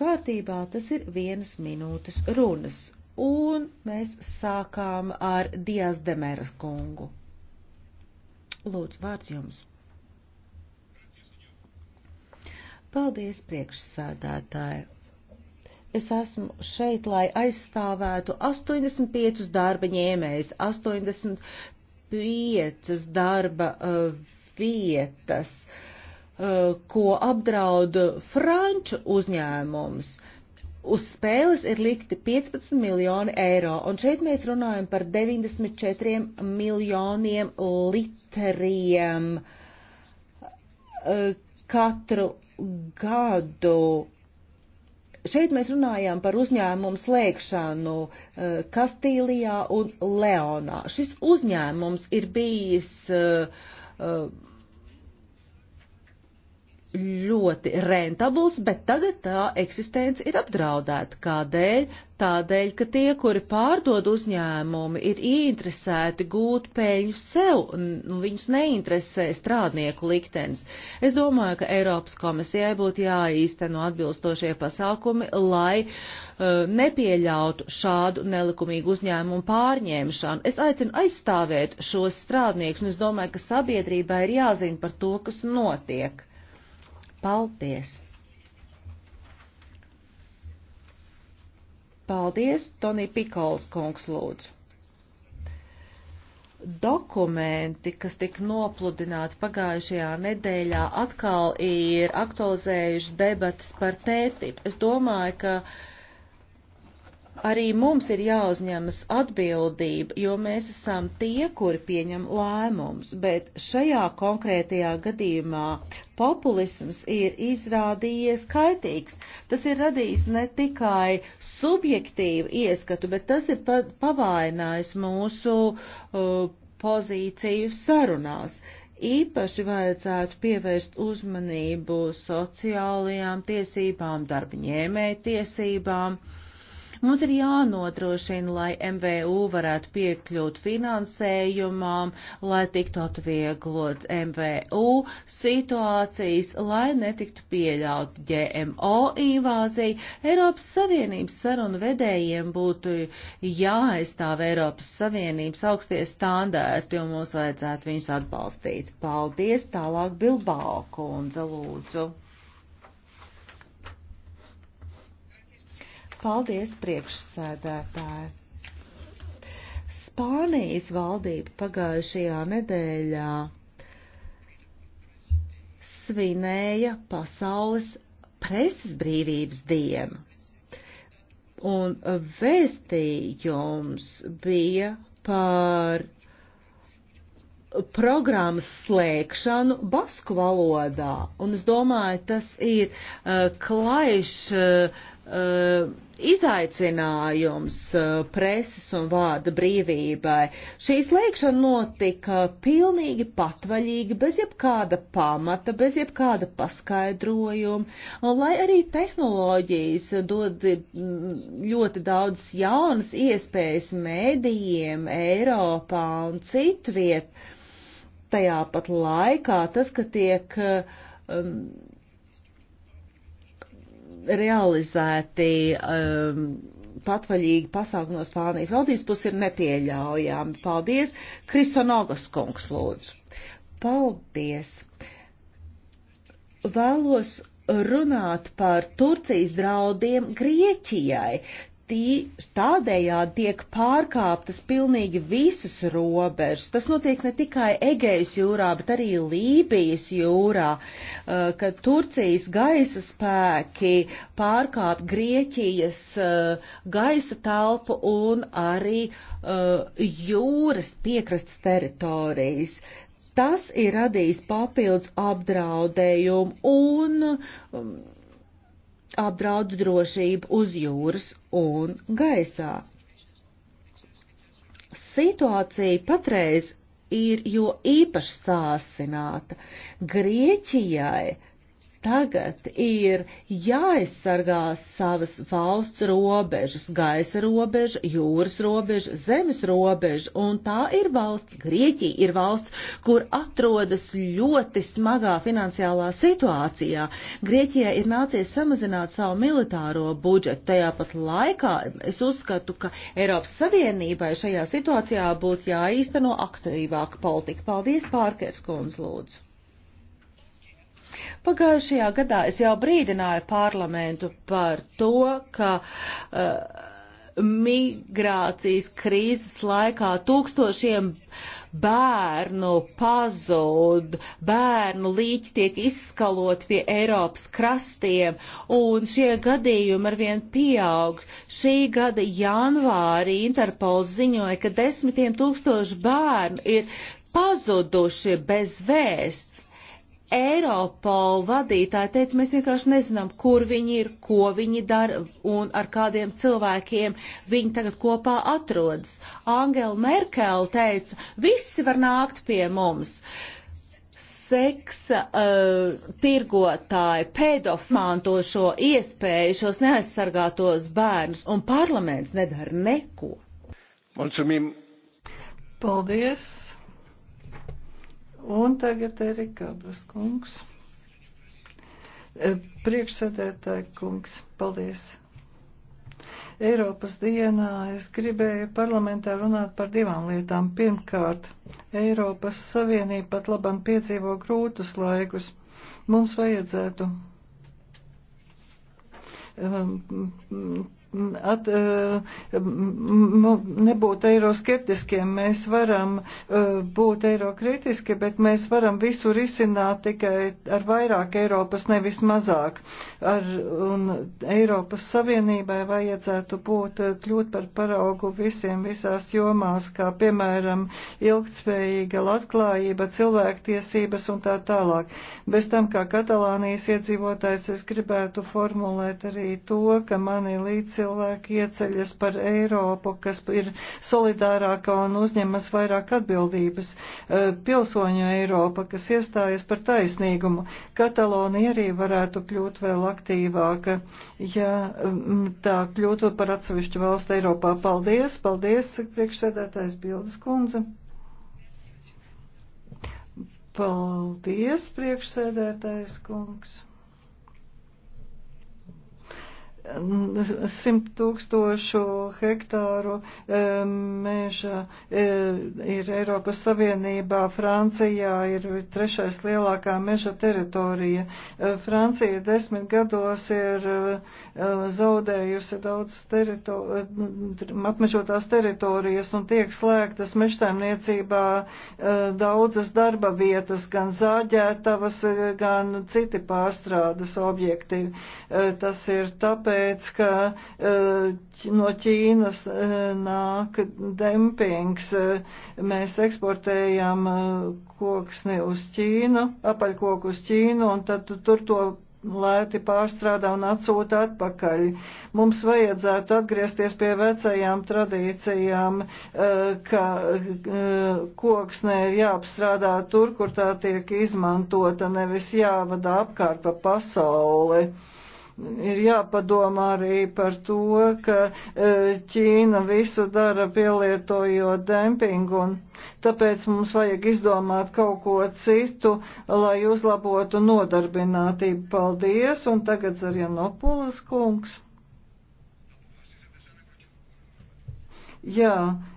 kārtībā tas ir vienas minūtes runas, un mēs sākām ar Dias Demeras kungu. Lūdzu, vārds jums. Paldies, priekšsādātāji. Es esmu šeit, lai aizstāvētu 85 darba ņēmējs, 85 darba uh, vietas. Uh, Eh, ko apdraud franču uzņēmums. Uz spēles ir likti 15 miljoni eiro, un šeit mēs runājam par 94 miljoniem literiem eh, katru gadu. Šeit mēs runājām par uzņēmumu slēgšanu eh, Kastīlijā un Leonā. Šis uzņēmums ir bijis uh, uh, ļoti rentabls, bet tagad tā eksistence ir apdraudēta. Kādēļ? Tādēļ, ka tie, kuri pārdod uzņēmumi, ir ieinteresēti gūt peļņu sev, un nu, viņus neinteresē strādnieku liktenis. Es domāju, ka Eiropas komisijai būtu jāīsteno atbilstošie pasākumi, lai uh, nepieļautu šādu nelikumīgu uzņēmumu pārņemšanu. Es aicinu aizstāvēt šos strādniekus, un es domāju, ka sabiedrībai ir jāzina par to, kas notiek. Paldies! Paldies, Tonī Pikols kungs lūdzu. Dokumenti, kas tika nopludināti pagājušajā nedēļā, atkal ir aktualizējuši debatas par tētību. Es domāju, ka uh, arī mums ir jāuzņemas atbildība, jo mēs esam tie, kuri pieņem lēmums, bet šajā konkrētajā gadījumā populisms ir izrādījies kaitīgs. Tas ir radījis ne tikai subjektīvu ieskatu, bet tas ir pavainājis mūsu uh, pozīciju sarunās. Īpaši vajadzētu pievērst uzmanību sociālajām tiesībām, darba ņēmēja tiesībām. Uh, Mums ir jānodrošina, lai MVU varētu piekļūt finansējumam, lai tiktu atvieglot MVU situācijas, lai netiktu pieļaut GMO invāzija. Eiropas Savienības sarunu vedējiem būtu jāaizstāv Eiropas Savienības augstie standārti, un mums vajadzētu viņus atbalstīt. Paldies! Tālāk Bilbao kundze lūdzu. Paldies, priekšsēdētāji! Spānijas valdība pagājušajā nedēļā svinēja pasaules preses brīvības dienu, un vēstījums bija par programmas slēgšanu basku valodā, un es domāju, tas ir uh, eh, klaišs. Uh, eh, uh, izaicinājums uh, preses un vārda brīvībai. Šī slēgšana notika pilnīgi patvaļīgi, bez jebkāda pamata, bez jebkāda paskaidrojuma, un lai arī tehnoloģijas dod ļoti daudz jaunas iespējas mēdījiem Eiropā un citviet, tajā pat laikā tas, ka tiek um, realizēti um, patvaļīgi pasākumi no Spānijas valdības puses ir nepieļaujami. Paldies, Kristonogas kungs lūdzu. Paldies. Vēlos runāt par Turcijas draudiem Grieķijai tī, tādējādi tiek pārkāptas pilnīgi visas robežas. Tas notiek ne tikai Egejas jūrā, bet arī Lībijas jūrā, eh, kad Turcijas gaisa spēki pārkāp Grieķijas eh, gaisa telpu un arī eh, jūras piekrastes teritorijas. Tas ir radījis papildus apdraudējumu un um, apdraud drošību uz jūras un gaisā. Situācija patreiz ir jo īpaši sāsināta. Grieķijai Tagad ir jāaizsargā savas valsts robežas, gaisa robeža, jūras robeža, zemes robeža, un tā ir valsts, Grieķija ir valsts, kur atrodas ļoti smagā finansiālā situācijā. Grieķijai ir nācies samazināt savu militāro budžetu. Tajā pat laikā es uzskatu, ka Eiropas Savienībai šajā situācijā būtu jāīsteno aktīvāka politika. Paldies, Pārkers Kunz, lūdzu. Pagājušajā gadā es jau brīdināju parlamentu par to, ka uh, migrācijas krīzes laikā tūkstošiem bērnu pazūd, bērnu līķi tiek izskalot pie Eiropas krastiem, un šie gadījumi arvien pieaug. Šī gada janvārī Interpols ziņoja, ka desmitiem tūkstošu bērnu ir pazuduši bez vēsts Eiropola vadītāji teica, mēs vienkārši nezinām, kur viņi ir, ko viņi dara un ar kādiem cilvēkiem viņi tagad kopā atrodas. Angela Merkel teica, visi var nākt pie mums. Seksa uh, tirgotāji, pedofānto šo iespēju, šos neaizsargātos bērnus, un parlaments nedara neko. Paldies! Un tagad Erika Abras kungs. Eh, priekšsēdētāji kungs, paldies! Eiropas dienā es gribēju parlamentā runāt par divām lietām. Pirmkārt, Eiropas Savienība pat labam piedzīvo grūtus laikus. Mums vajadzētu um, at, eh, nebūt eiroskeptiskiem. Mēs varam eh, būt eirokritiski, bet mēs varam visu risināt tikai ar vairāk Eiropas, nevis mazāk. Ar, un Eiropas Savienībai vajadzētu būt eh, kļūt par paraugu visiem visās jomās, kā piemēram ilgtspējīga latklājība, cilvēktiesības un tā tālāk. Bez tam, kā Katalānijas iedzīvotājs, es gribētu formulēt arī to, ka mani līdzi cilvēki ieceļas par Eiropu, kas ir solidārāka un uzņemas vairāk atbildības. E, pilsoņu Eiropa, kas iestājas par taisnīgumu. Katalonija arī varētu kļūt vēl aktīvāka, ja mm, tā kļūtu par atsevišķu valstu Eiropā. Paldies, paldies, priekšsēdētājs Bildes kundze. Paldies, priekšsēdētājs kungs simt tūkstošu hektāru eh, meža eh, ir Eiropas Savienībā, Francijā ir trešais lielākā meža teritorija. Eh, Francija desmit gados ir zaudējusi daudz terito apmežotās teritorijas un tiek slēgtas mežsaimniecībā daudzas darba vietas, gan zāģētavas, gan citi pārstrādes objekti. Tas ir tāpēc, tāpēc, ka eh, no Ķīnas eh, nāk dempings. Mēs eksportējam eh, koksni uz Ķīnu, apaļkoku uz Ķīnu, un tad tur to lēti pārstrādā un atsūta atpakaļ. Mums vajadzētu atgriezties pie vecajām tradīcijām, ka koksne ir jāapstrādā tur, kur tā tiek izmantota, nevis jāvada apkārt pa pasauli ir jāpadomā arī par to, ka e, Ķīna visu dara pielietojot dempingu, un tāpēc mums vajag izdomāt kaut ko citu, lai uzlabotu nodarbinātību. Paldies, un tagad Zarianopulis kungs. Jā,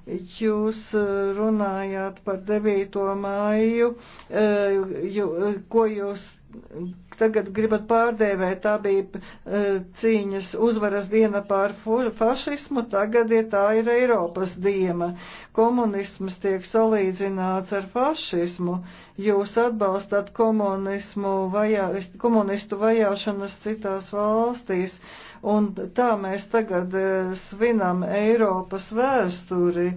Jūs eh, runājāt par 9. māju, eh, eh, ko jūs tagad gribat pārdēvēt, tā bija cīņas uzvaras diena pār fašismu, tagad ja tā ir Eiropas diena. Komunisms tiek salīdzināts ar fašismu, jūs atbalstat komunismu vajā, komunistu vajāšanas citās valstīs, un tā mēs tagad svinam Eiropas vēsturi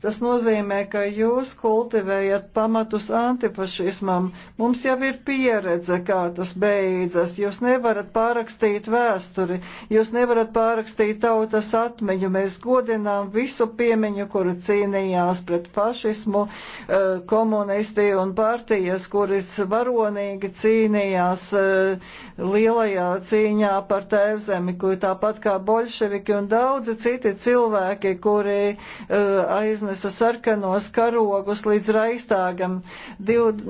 Tas nozīmē, ka jūs kultivējat pamatus antifašismam. Mums jau ir pieredze, kā tas beidzas. Jūs nevarat pārakstīt vēsturi, jūs nevarat pārakstīt tautas atmiņu. Mēs godinām visu piemiņu, kuru cīnījās pret fašismu eh, komunisti un partijas, kuris varonīgi cīnījās eh, lielajā cīņā par tēvzemi, kur tāpat kā bolševiki un daudzi citi cilvēki, kuri eh, aiznes aznesa sarkanos karogus līdz raistāgam. Div,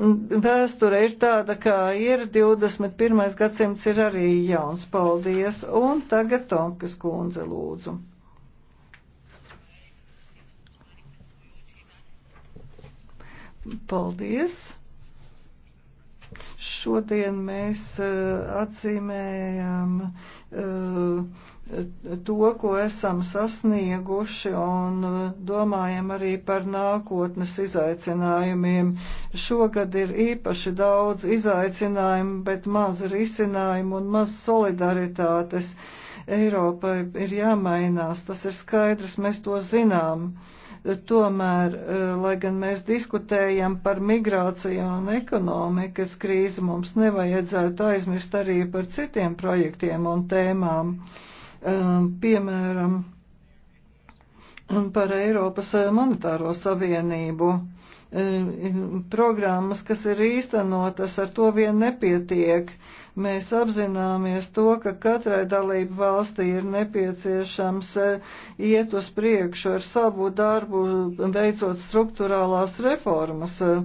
vēsture ir tāda, kā ir, 21. gadsimts ir arī jauns. Paldies! Un tagad Tomkas kundze lūdzu. Paldies! Šodien mēs uh, atzīmējam uh, to, ko esam sasnieguši un e, domājam arī par nākotnes izaicinājumiem. Šogad ir īpaši daudz izaicinājumu, bet maz risinājumu un maz solidaritātes. Eiropai ir jāmainās, tas ir skaidrs, mēs to zinām tomēr, e, lai gan mēs diskutējam par migrāciju un ekonomikas krīzi, mums nevajadzētu aizmirst arī par citiem projektiem un tēmām. Uh, Um, piemēram, par Eiropas uh, monetāro savienību um, programmas, kas ir īstenotas, ar to vien nepietiek. Mēs apzināmies to, ka katrai dalību valstī ir nepieciešams uh, iet uz priekšu ar savu darbu, veicot struktūrālās reformas. Uh,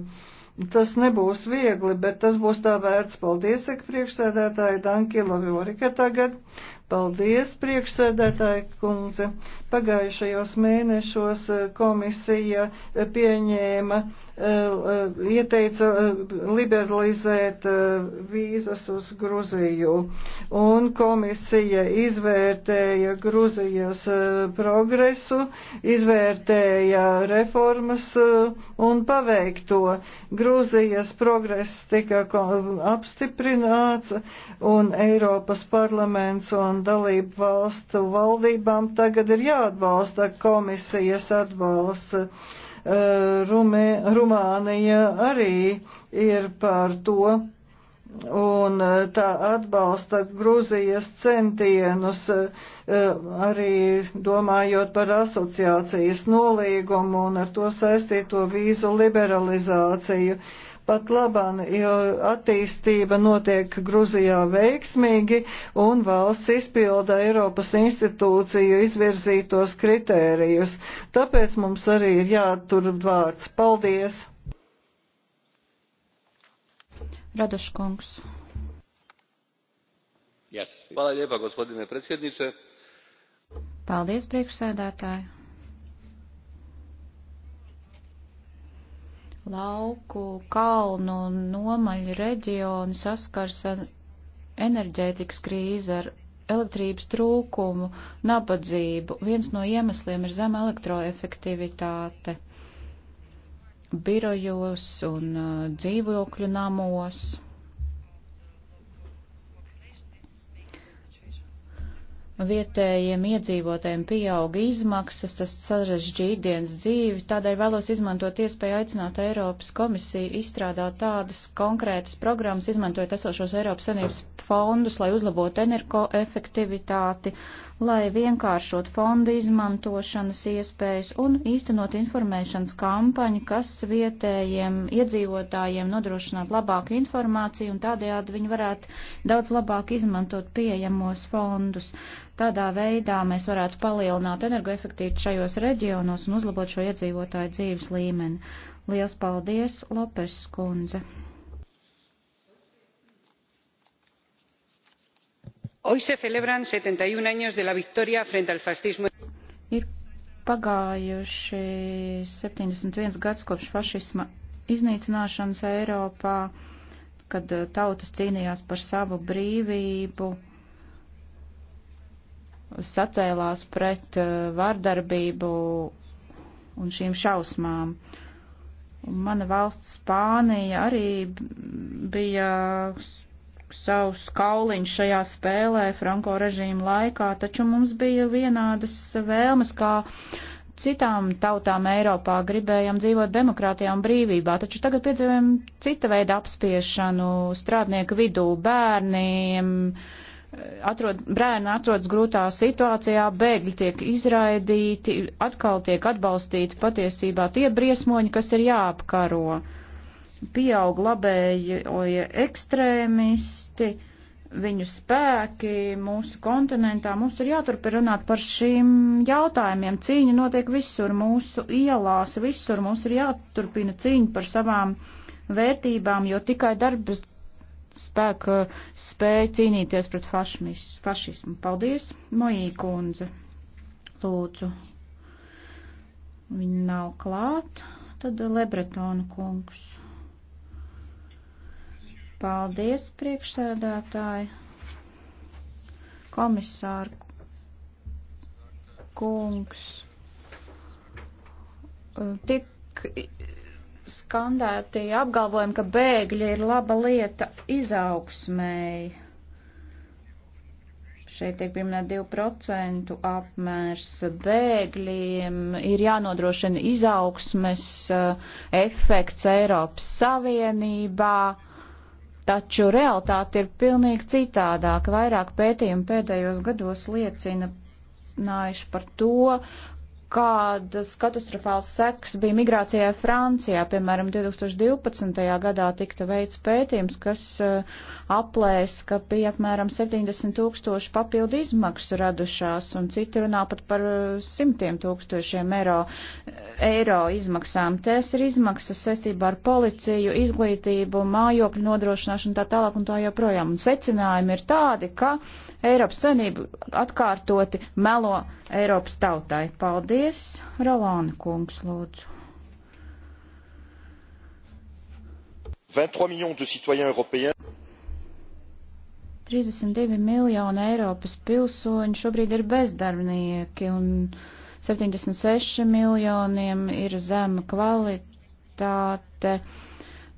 tas nebūs viegli, bet tas būs tā vērts. Paldies, saka priekšsēdētāji Dankila Viorika tagad. Paldies, priekšsēdētāji kundze. Pagājušajos mēnešos eh, komisija eh, pieņēma Uh, ieteica uh, liberalizēt uh, vīzas uz Gruziju. Un komisija izvērtēja Gruzijas progresu, izvērtēja reformas un paveikto. Gruzijas progress tika apstiprināts un Eiropas parlaments un dalību valstu valdībām tagad ir jāatbalsta komisijas atbalsts Eh, Rumē, Rumānija arī ir par to un eh, tā atbalsta Grūzijas centienus eh, arī domājot par asociācijas nolīgumu un ar to saistīto vīzu liberalizāciju. Pat labāk, jo attīstība notiek Gruzijā veiksmīgi un valsts izpilda Eiropas institūciju izvirzītos kritērijus. Tāpēc mums arī ir jātur vārds. Paldies! Radoškungs. Yes. Hvala lijepa, gospodine predsjedniče. Paldies, priekšsēdētāji. Lauku, kalnu un nomaļu reģioni saskars ar enerģētikas krīzi, ar elektrības trūkumu, nabadzību. Viens no iemesliem ir zema elektroefektivitāte birojos un uh, dzīvokļu namos. vietējiem iedzīvotājiem pieauga izmaksas, tas sarežģīja ikdienas dzīvi, tādēļ vēlos izmantot iespēju aicināt Eiropas komisiju izstrādāt tādas konkrētas programmas, izmantojot esošos Eiropas Savienības fondus, lai uzlabotu energoefektivitāti, lai vienkāršot fondu izmantošanas iespējas un īstenot informēšanas kampaņu, kas vietējiem iedzīvotājiem nodrošinātu labāku informāciju un tādējādi viņi varētu daudz labāk izmantot pieejamos fondus. Tādā veidā mēs varētu palielināt energoefektīvu šajos reģionos un uzlabot šo iedzīvotāju dzīves līmeni. Liels paldies, Lopes skundze! Hoy se celebran 71 años de la victoria frente al fascismo. Ir pagājuši 71 gads kopš fašisma iznīcināšanas Eiropā, kad tautas cīnījās par savu brīvību sacēlās pret uh, vardarbību un šīm šausmām. Mana valsts Spānija arī bija savus kauliņus šajā spēlē Franko režīmu laikā, taču mums bija vienādas vēlmes, kā citām tautām Eiropā gribējām dzīvot demokrātijā un brīvībā, taču tagad piedzīvojam cita veida apspiešanu strādnieku vidū, bērniem, uh, atrod, brēni atrodas grūtā situācijā, bēgļi tiek izraidīti, atkal tiek atbalstīti patiesībā tie briesmoņi, kas ir jāapkaro. Pieaug labējoja ekstrēmisti, viņu spēki mūsu kontinentā. Mums ir jāturpina runāt par šīm jautājumiem. Cīņa notiek visur, mūsu ielās, visur. Mums ir jāturpina cīņa par savām vērtībām, jo tikai darbas spēka spēja cīnīties pret fašmis, fašismu. Paldies, Mojī kundze. Lūdzu. Viņa nav klāt. Tad Lebretona kungs. Paldies, priekšsēdētāji. Komisāra kungs. Tik skandēti apgalvojumi, ka bēgļi ir laba lieta izaugsmēji. Šeit tiek pieminēt 2% apmērs bēgļiem. Ir jānodrošina izaugsmes eh, efekts Eiropas Savienībā, taču realitāte ir pilnīgi citādāka. Vairāk pētījumi pēdējos gados liecina nājuši par to, kādas katastrofāls seks bija migrācijai Francijā. Piemēram, 2012. gadā tikta veids pētījums, kas eh, aplēs, ka bija apmēram 70 tūkstoši papildu izmaksu radušās, un citi runā pat par eh, simtiem tūkstošiem eiro, eiro izmaksām. Tās ir izmaksas saistībā ar policiju, izglītību, mājokļu nodrošināšanu tā tālāk un tā joprojām. Un secinājumi ir tādi, ka Eiropas Savienība atkārtoti melo Eiropas tautai. Paldies! Paldies, Rolāna kungs, lūdzu. 23 miljoni de citoyens européens. 32 miljoni Eiropas pilsoņu šobrīd ir bezdarbnieki un 76 miljoniem ir zema kvalitāte.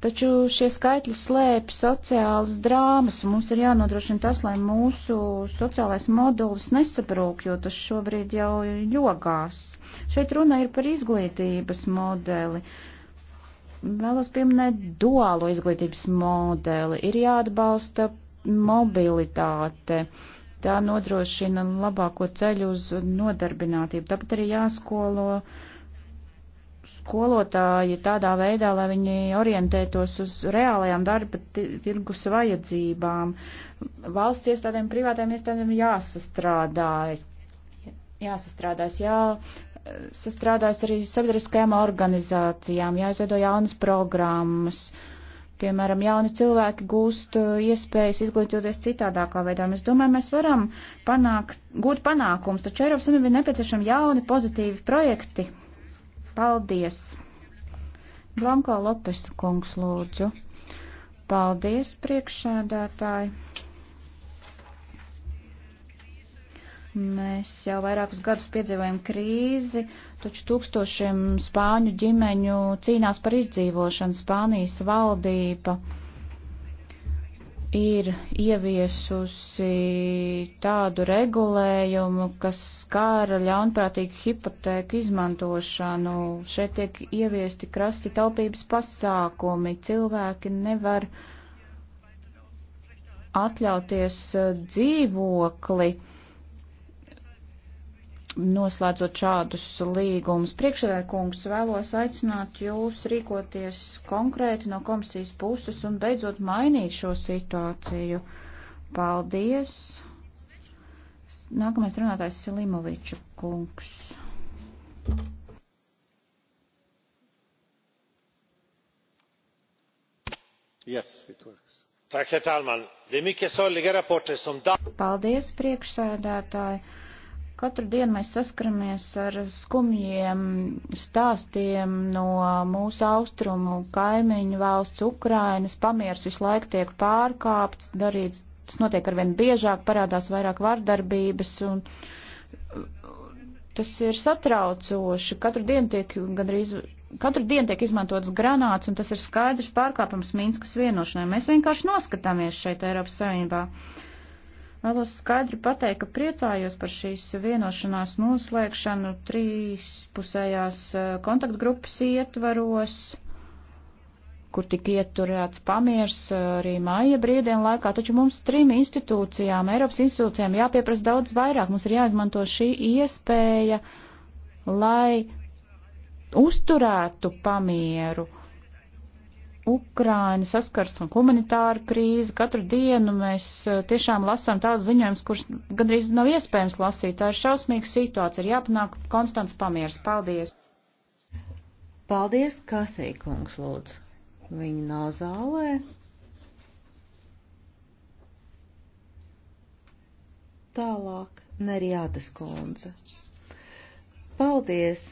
Taču šie skaitļi slēpj sociālas drāmas, un mums ir jānodrošina tas, lai mūsu sociālais modulis nesabrūk, jo tas šobrīd jau jogās. Šeit runa ir par izglītības modeli. Vēlos pieminēt duālo izglītības modeli. Ir jāatbalsta mobilitāte. Tā nodrošina labāko ceļu uz nodarbinātību. Tāpat arī jāskolo uh, skolotāji tādā veidā, lai viņi orientētos uz reālajām darba tirgus vajadzībām. Valsts iestādēm, privātām iestādēm jāsastrādāja. Jāsastrādājas, jā, sastrādājas arī sabiedriskajām organizācijām, jāizveido jaunas programmas. Piemēram, jauni cilvēki gūst uh, iespējas izglītoties citādākā veidā. Es domāju, mēs varam panākt, gūt panākums, taču Eiropas Savienībai nepieciešami jauni pozitīvi projekti, Paldies! Blanko Lopes kungs lūdzu. Paldies, priekšsēdētāji! Mēs jau vairākus gadus piedzīvojam krīzi, taču tūkstošiem spāņu ģimeņu cīnās par izdzīvošanu Spānijas valdība ir ieviesusi tādu regulējumu, kas skāra ļaunprātīgu hipotēku izmantošanu. Šeit tiek ieviesti krasti taupības pasākumi. Cilvēki nevar atļauties eh, dzīvokli noslēdzot šādus līgumus. Priekšsēdē kungs vēlos aicināt jūs rīkoties konkrēti no komisijas puses un beidzot mainīt šo situāciju. Paldies! Nākamais runātājs Silimoviča kungs. Yes, it works. Tack, herr talman. Det är mycket sorgliga rapporter som... Paldies, priekšsēdētāji. Katru dienu mēs saskaramies ar skumjiem stāstiem no mūsu austrumu kaimiņu valsts Ukrainas. Pamiers visu laiku tiek pārkāpts, darīts, tas notiek arvien biežāk, parādās vairāk vardarbības un tas ir satraucoši. Katru dienu tiek gandrīz katru dienu tiek izmantotas granāts, un tas ir skaidrs pārkāpums Minskas vienošanai. Mēs vienkārši noskatāmies šeit Eiropas Savienībā. Vēlos skaidri pateikt, ka priecājos par šīs vienošanās noslēgšanu trīspusējās eh, kontaktgrupas ietvaros, kur tika ieturēts pamiers eh, arī māja brīvdienu laikā, taču mums trim institūcijām, Eiropas institūcijām jāpieprasa daudz vairāk, mums ir jāizmanto šī iespēja, lai uzturētu pamieru Ukraina saskars ar humanitāru krīzi. Katru dienu mēs eh, tiešām lasām tādas ziņojumus, kuras gandrīz nav iespējams lasīt. Tā ir šausmīga situācija. Ir jāpanāk konstants pamieris. Paldies! Paldies, Kafī kungs, lūdzu. Viņa nav zālē. Tālāk, Nerijātas kundze. Paldies!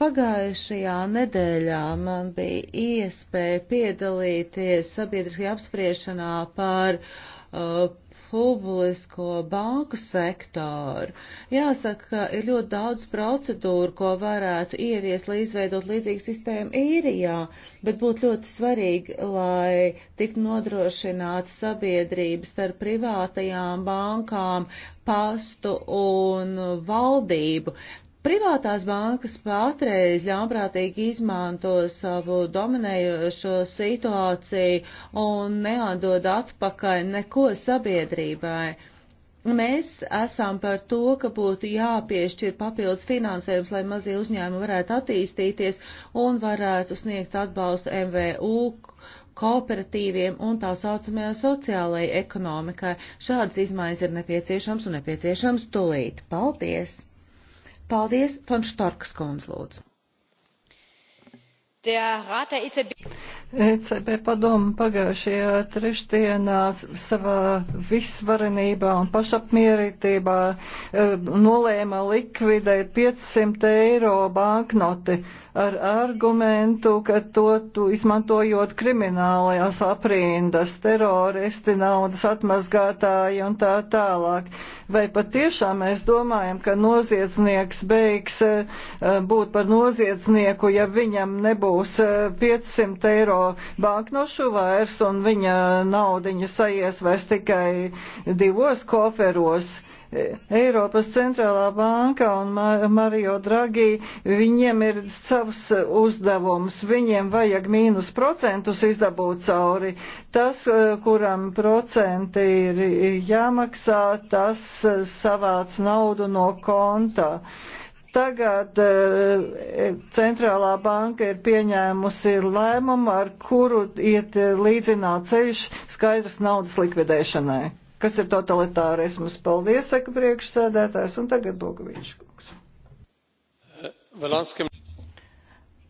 Pagājušajā nedēļā man bija iespēja piedalīties sabiedriskajā apspriešanā par uh, publisko banku sektoru. Jāsaka, ka ir ļoti daudz procedūru, ko varētu ieviest, lai izveidot līdzīgu sistēmu īrijā, bet būtu ļoti svarīgi, lai tiktu nodrošināta sabiedrība starp privātajām bankām, pastu un valdību, Privātās bankas patreiz ļaunprātīgi izmanto savu dominējošo situāciju un neatdod atpakaļ neko sabiedrībai. Mēs esam par to, ka būtu jāpiešķir papildus finansējums, lai mazie uzņēmumi varētu attīstīties un varētu sniegt atbalstu MVU kooperatīviem un tā saucamajai sociālajai ekonomikai. Šādas izmaiņas ir nepieciešams un nepieciešams tulīt. Paldies! Paldies, Fonštorkas kundz lūdzu. ECB e e padomu pagājušajā trešdienā savā visvarenībā un pašapmierītībā e, nolēma likvidēt 500 eiro banknoti ar argumentu, ka to tu, izmantojot kriminālajās aprindas, teroristi, naudas atmazgātāji un tā tālāk. Vai patiešām mēs domājam, ka noziedznieks beigs būt par noziedznieku, ja viņam nebūs dabūs 500 eh, eiro banknošu vairs un viņa naudiņa saies vairs tikai divos koferos. Eiropas centrālā banka un Mario Draghi, viņiem ir savs uzdevums, viņiem vajag mīnus procentus izdabūt cauri. Tas, eh, kuram procenti ir jāmaksā, tas eh, savāc naudu no konta. Uh, Tagad eh, centrālā banka ir pieņēmusi lēmumu, ar kuru iet eh, līdzināt ceļš skaidras naudas likvidēšanai. Kas ir totalitārisms? Paldies, saka priekšsēdētājs, un tagad Bogovičs kungs.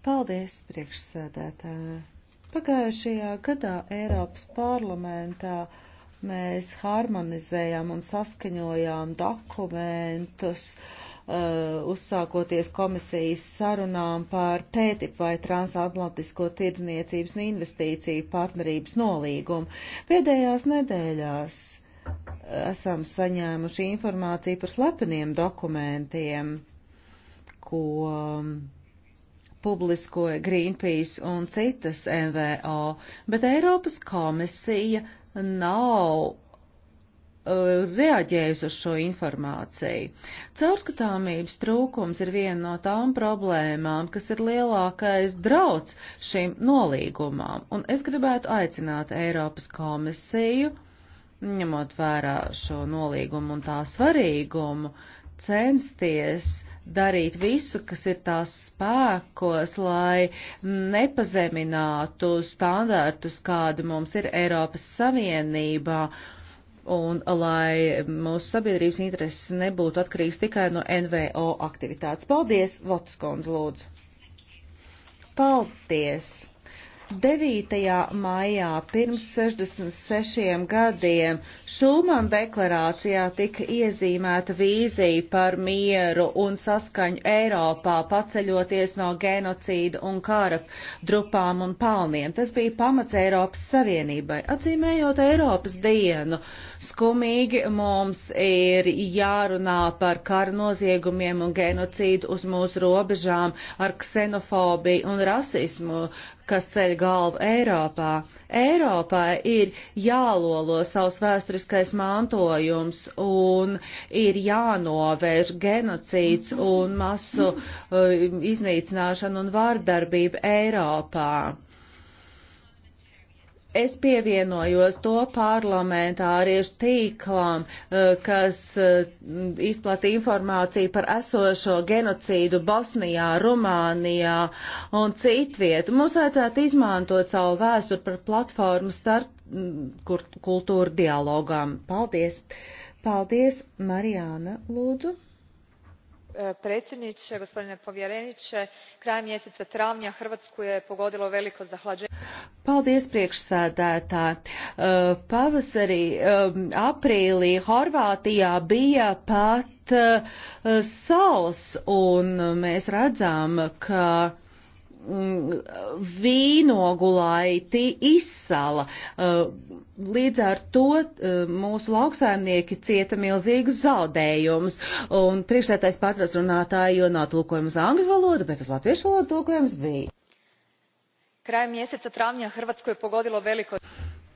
Paldies, priekšsēdētāji. Pagājušajā gadā Eiropas parlamentā mēs harmonizējām un saskaņojām dokumentus, uh, Uh, uzsākoties komisijas sarunām par TTIP vai Transatlantisko tirdzniecības un investīciju partnerības nolīgumu. Pēdējās nedēļās esam saņēmuši informāciju par slepeniem dokumentiem, ko publiskoja Greenpeace un citas NVO, bet Eiropas komisija nav reaģējis uz šo informāciju. Caurskatāmības trūkums ir viena no tām problēmām, kas ir lielākais drauds šīm nolīgumām, un es gribētu aicināt Eiropas komisiju, ņemot vērā šo nolīgumu un tā svarīgumu, censties darīt visu, kas ir tās spēkos, lai nepazeminātu standartus, kādi mums ir Eiropas Savienībā, uh, un lai mūsu sabiedrības intereses nebūtu atkarīgs tikai no NVO aktivitātes. Paldies, Votus kundze, lūdzu. Paldies. 9. maijā pirms 66 gadiem Šulman deklarācijā tika iezīmēta vīzija par mieru un saskaņu Eiropā, paceļoties no genocīda un kara drupām un palniem. Tas bija pamats Eiropas Savienībai. Atzīmējot Eiropas dienu, skumīgi mums ir jārunā par kara noziegumiem un genocīdu uz mūsu robežām ar ksenofobiju un rasismu kas ceļ galvu Eiropā. Eiropai ir jālolo savs vēsturiskais mantojums un ir jānovērš genocīds un masu uh, iznīcināšana un vārdarbība Eiropā es pievienojos to parlamentāriešu tīklām, eh, kas eh, izplata informāciju par esošo genocīdu Bosnijā, Rumānijā un citvietu. Mums vajadzētu izmantot savu vēsturi par platformu starp mm, kultūru dialogām. Paldies! Paldies, Marijāna, lūdzu eh, predsjednie gospodine povjerenie krajem mjeseca travnja hrvatsku je pogodilo veliko zahlaenje Paldies, priekšsēdētāji. Uh, pavasarī, um, aprīlī Horvātijā bija pat uh, sals, un mēs redzam, ka mm, vīnogulaiti izsala. Uh, līdz ar to mūsu lauksaimnieki cieta milzīgas zaudējumus. Un priekšsētais patrons runātāji, jo nav tulkojums angļu valoda, bet uz latviešu valodu tulkojums bija krajem mjeseca travnja hrvatsku je pogodilo veliko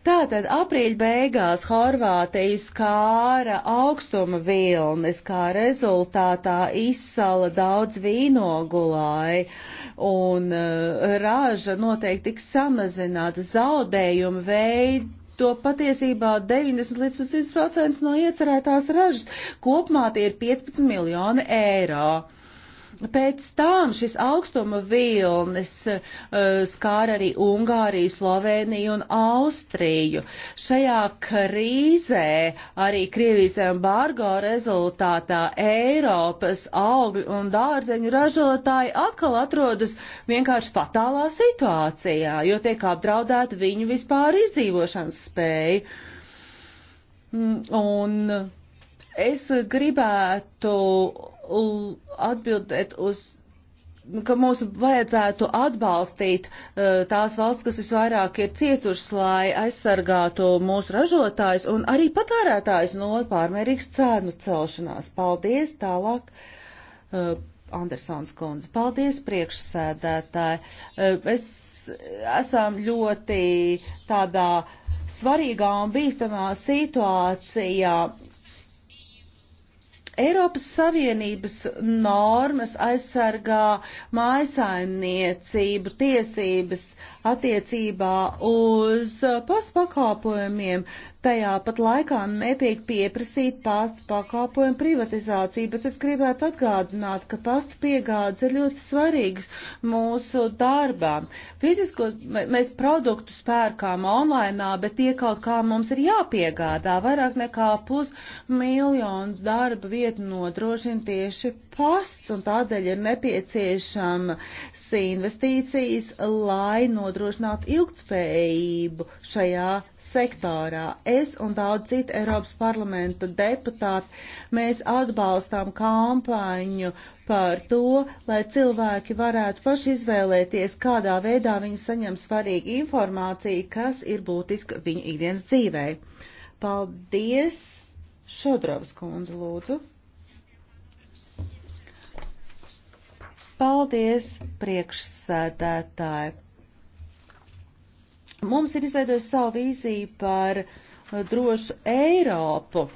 Tātad aprīļa beigās Horvātijas kāra augstuma vilnis, kā rezultātā izsala daudz vīnogulāji un uh, raža noteikti tiks samazināta zaudējumu veidu to patiesībā 90 līdz 50% no iecerētās ražas. Kopumā tie ir 15 miljoni eiro. Pēc tam šis augstuma vilnis uh, eh, skāra arī Ungāriju, Sloveniju un Austriju. Šajā krīzē arī Krievijas embargo rezultātā Eiropas augļu un dārzeņu ražotāji atkal atrodas vienkārši fatālā situācijā, jo tiek apdraudēta viņu vispār izdzīvošanas spēja. Mm, un es gribētu atbildēt uz nu, ka mums vajadzētu atbalstīt uh, tās valsts, kas visvairāk ir cietušas, lai aizsargātu mūsu ražotājus un arī patērētājus no pārmērīgas cēnu celšanās. Paldies tālāk. Uh, Andersons kundze, paldies priekšsēdētāji. Uh, es esam ļoti tādā svarīgā un bīstamā situācijā Eiropas Savienības normas aizsargā mājasaimniecību tiesības attiecībā uz postpakalpojumiem. Tajā pat laikā netiek pieprasīt pastu pakalpojumu privatizāciju, bet es gribētu atgādināt, ka pastu piegādes ir ļoti svarīgas mūsu darbām. Fiziskos mēs produktus pērkām online, bet tie kaut kā mums ir jāpiegādā vairāk nekā pusmiljonu darba vietu lietu nodrošina tieši posts, un tādēļ ir nepieciešamas investīcijas, lai nodrošinātu ilgtspējību šajā sektorā. Es un daudz citu Eiropas parlamenta deputāti, mēs atbalstām kampaņu par to, lai cilvēki varētu paši izvēlēties, kādā veidā viņi saņem svarīgu informāciju, kas ir būtiska viņu ikdienas dzīvē. Paldies! Šodravas kundze, lūdzu. Paldies, priekšsēdētāji. Mums ir izveidojusi savu vīziju par drošu Eiropu.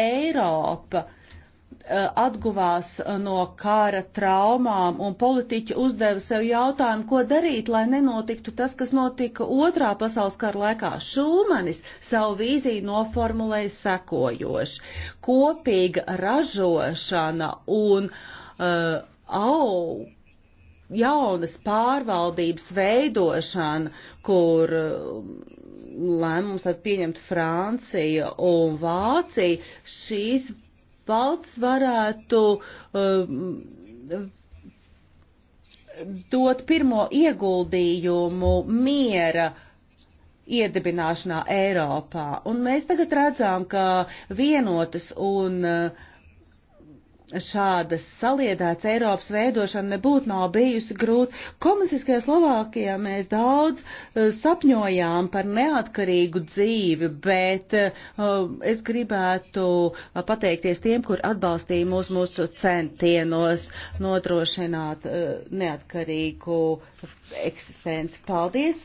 Eiropa eh, atguvās no kara traumām, un politiķi uzdeva sev jautājumu, ko darīt, lai nenotiktu tas, kas notika otrā pasaules kara laikā. Šulmanis savu vīziju noformulēja sekojoši - kopīga ražošana un uh, au, jaunas pārvaldības veidošana, kur um, lēmums tad pieņemt Francija un Vācija, šīs valsts varētu um, dot pirmo ieguldījumu miera iedibināšanā Eiropā. Un mēs tagad redzam, ka vienotas un uh, šādas saliedētas Eiropas veidošana nebūtu nav bijusi grūta. Komunistiskajā Slovākijā mēs daudz uh, sapņojām par neatkarīgu dzīvi, bet uh, es gribētu uh, pateikties tiem, kur atbalstīja mūs mūsu centienos nodrošināt neatkarīgu eksistenci. Paldies!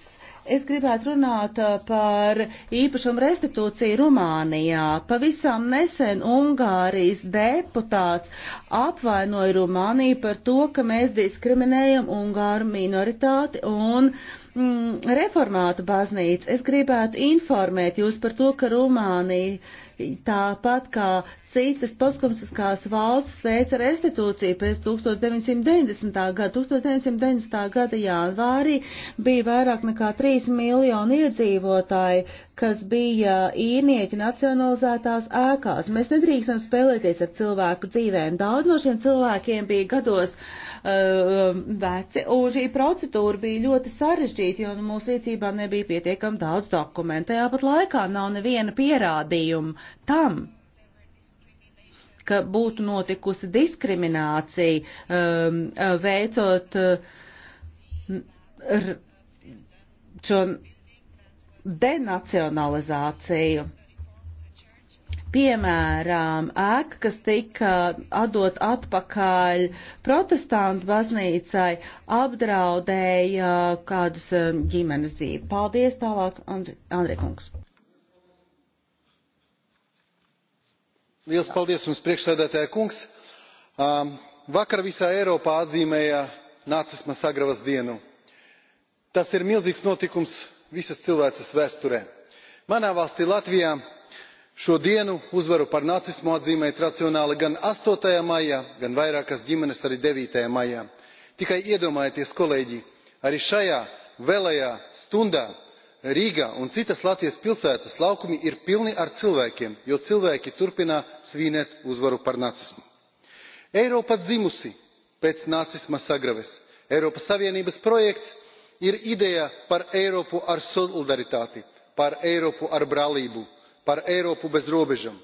Es gribētu runāt par īpašumu restitūciju Rumānijā. Pavisam nesen Ungārijas deputāts apvainoja Rumāniju par to, ka mēs diskriminējam Ungāru minoritāti un uh, mm, reformātu baznīca. Es gribētu informēt jūs par to, ka Rumānija tāpat kā citas postkomunistiskās valsts veica restitūciju pēc 1990. gada. 1990. gada janvārī bija vairāk nekā 3 miljoni iedzīvotāji kas bija īrnieki nacionalizētās ēkās. Mēs nedrīkstam spēlēties ar cilvēku dzīvēm. Daudz no šiem cilvēkiem bija gados uh, veci, un šī procedūra bija ļoti sarežģīta, jo nu, mūsu rīcībā nebija pietiekami daudz dokumentu. Tajā pat laikā nav neviena pierādījuma tam, ka būtu notikusi diskriminācija, um, veicot uh, r, šo denacionalizāciju. Piemēram, ēka, kas tika atdot atpakaļ protestantu baznīcai, apdraudēja kādas um, ģimenes dzīvi. Paldies tālāk, Andrei Kungs. Liels paldies jums, priekšsēdētāja kungs. Um, vakar visā Eiropā atzīmēja nacisma sagravas dienu. Tas ir milzīgs notikums visas cilvēces vēsturē. manā valstī latvijā šo dienu uzvaru pār nacismu atzīmēja tradicionāli gan astotajā maijā gan vairākas ģimenes arī devītajā maijā. tikai iedomājieties kolēģi arī šajā vēlajā stundā rīga un citas latvijas pilsētas laukumi ir pilni ar cilvēkiem jo cilvēki turpina svinēt uzvaru pār nacismu. eiropa dzimusi pēc nacisma sagrave eiropas savienības projekts ir ideja par eiropu ar solidaritāti par eiropu ar brālību par eiropu bez robežām.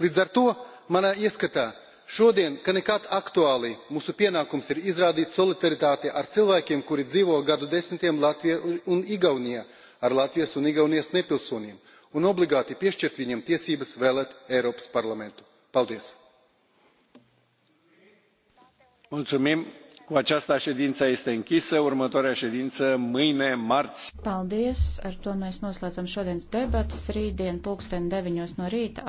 līdz ar to manā ieskatā šodien kā nekad aktuāli mūsu pienākums ir izrādīt solidaritāti ar cilvēkiem kuri dzīvo gadu desmitiem latvijā un igaunijā ar latvijas un igaunijas nepilsoņiem un obligāti piešķirt viņiem tiesības vēlēt eiropas parlamentu. paldies! Cu aceasta ședința este închisă, următoarea ședință mâine, marți. Paldies, ar to mēs noslēdzam šodienas debatas, rītdien pulksten 9 no rīta.